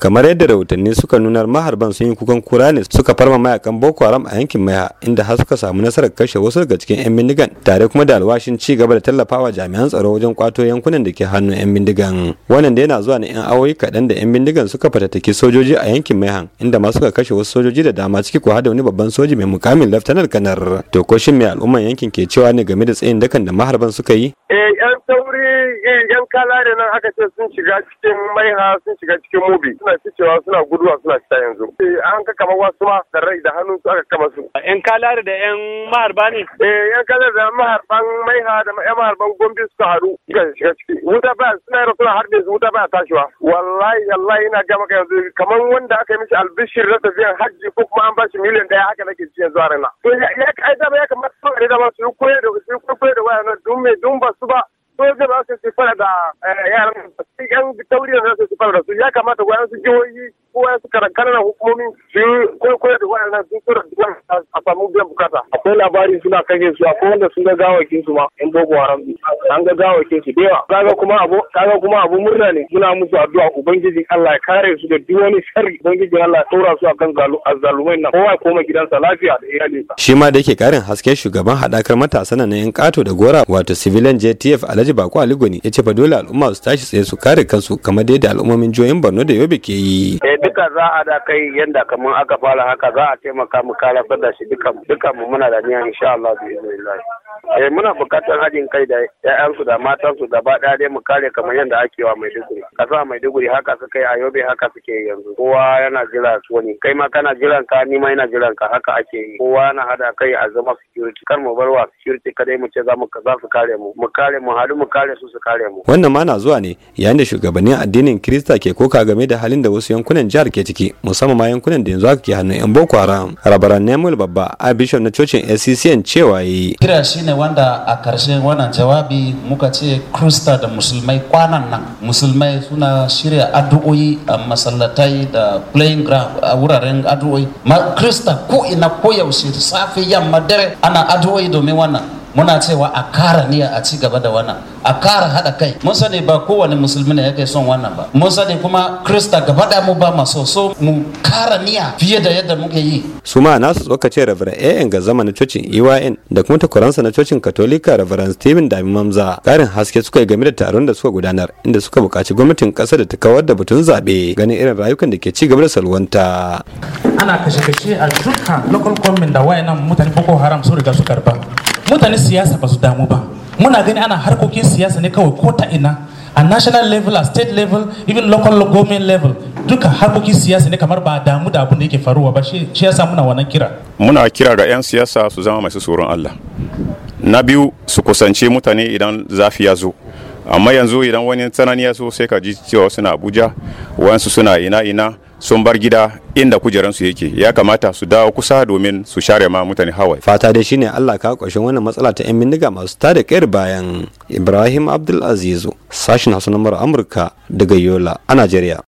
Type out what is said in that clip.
kamar yadda rahotanni suka nuna maharban sun yi kukan kura ne suka farma mayakan boko haram a yankin maiha inda har suka samu nasarar kashe wasu daga cikin yan bindigan tare kuma da alwashin ci gaba da tallafawa jami'an tsaro wajen kwato yankunan da ke hannu yan bindigan wannan da yana zuwa ne yan awoyi kaɗan da yan bindigan suka fatattaki sojoji a yankin Maiha, inda ma suka kashe wasu sojoji da dama ciki ko hada wani babban soji mai mukamin laftanar kanar to ko mai al'umman yankin ke cewa ne game da tsayin dakan da maharban suka yi eh yan sauri yan kalare nan aka ce sun shiga cikin maiha sun shiga cikin mubi suna ficewa suna guduwa suna fita yanzu eh, an ka kama wasu ma da rai da hannun su aka kama su yan kalare da yan maharba ne eh yan kalare da maharban maiha da yan maharban gombe suka haru suka shiga ciki wuta ba suna yara suna harbe su wuta ba tashiwa wallahi wallahi ina ga maka yanzu kamar wanda aka yi mishi albishir na tafiyan hajji ko kuma an ba shi miliyan daya haka nake ji yanzu a rana to ya ya kamata su ne da ba su koyar da su koyar da wayannan dun me dun ba su ba Todo esse para da eh yaran sun yan tauriyar su fara su ya kamata gwamnati jihohi kowa su karankanar hukumomin su kwaikwayo da waɗannan sun tura a samu biyan bukata. Akwai labari suna kashe su akwai wanda sun ga gawakin su ma in boko haram an ga gawakin su dewa. Kaga kuma abu kaga kuma murna ne muna musu addu'a ubangiji Allah ya kare su da duk wani sharri ubangiji Allah ya tura su akan azzalumai nan kowa koma gidansa lafiya da iyalinsa. Shi ma da yake karin haske shugaban haɗakar matasa na yan kato da gora wato civilian JTF Alhaji Bako Aligoni ya ce fa dole al'umma su tashi tsaye su kare kansu kamar da al'ummomin jihohin Borno da Yobe ke yi. Eh, duka za a da kai yadda kamar aka fara haka za a taimaka mu kala da shi duka mu muna da niyan insha Allah bi iznillah eh muna bukatar hajin kai da ƴaƴansu da matansu gaba ɗaya dai mu kare kamar yadda ake wa Maiduguri kasa Maiduguri haka suka yi a Yobe haka suke yanzu kowa yana jira wani kai ma kana jiran ka ni ma yana jiran ka haka ake yi kowa na hada kai a zama security kar mu bar wa security kadai mu ce za mu za su kare mu mu kare mu halu mu kare su su kare mu wannan ma na zuwa ne yayin da shugabannin addinin Kirista ke koka game da halin da wasu yankunan jihar ke ciki musamman ma yankunan da yanzu aka ke hannun yan boko haram rabaran nemul babba a bishop na cocin sccn cewa yi kira ne wanda a karshe wannan jawabi muka ce krista da musulmai kwanan nan musulmai suna shirya addu'o'i a masallatai da playing ground a wuraren addu'o'i ma krista ko ina ko yaushe safe yamma dare ana addu'o'i domin wannan muna cewa a kara niyya a ci gaba da wannan a kara haɗa kai mun sani ba kowane musulmi ne yake son wannan ba mun sani kuma krista gaba da mu ba maso so mu kara niyya fiye da yadda muke yi su ma nasu tsokace rabara AN ga zama na cocin EYN da kuma takwaransa na cocin katolika rabaran Stephen Dami Mamza karin haske suka yi game da taron da suka gudanar inda suka buƙaci gwamnatin ƙasa da ta kawar da batun zaɓe ganin irin rayukan da ke ci gaba da salwanta ana kashe-kashe a dukkan local government da wayannan mutane Boko Haram su riga su karba mutane siyasa ba su damu ba muna gani ana harkokin siyasa ne kawai ko ta ina a national level a state level even local government level duka harkokin siyasa ne kamar ba damu da abin da yake faruwa ba shi yasa muna wannan kira muna kira ga 'yan siyasa su zama masu tsoron Allah na biyu su kusance mutane idan zafi ya zo amma yanzu idan wani tsanani ya so sai ka ji cewa suna abuja wansu suna ina ina sun bar gida inda kujeransu yake ya kamata su dawo kusa domin su share ma mutane hawaii fata dai shine allah ka ƙarshen wannan matsala ta yan bindiga masu tada ƙyar bayan ibrahim abdulazizu sashen hasu na amurka daga yola a nigeria.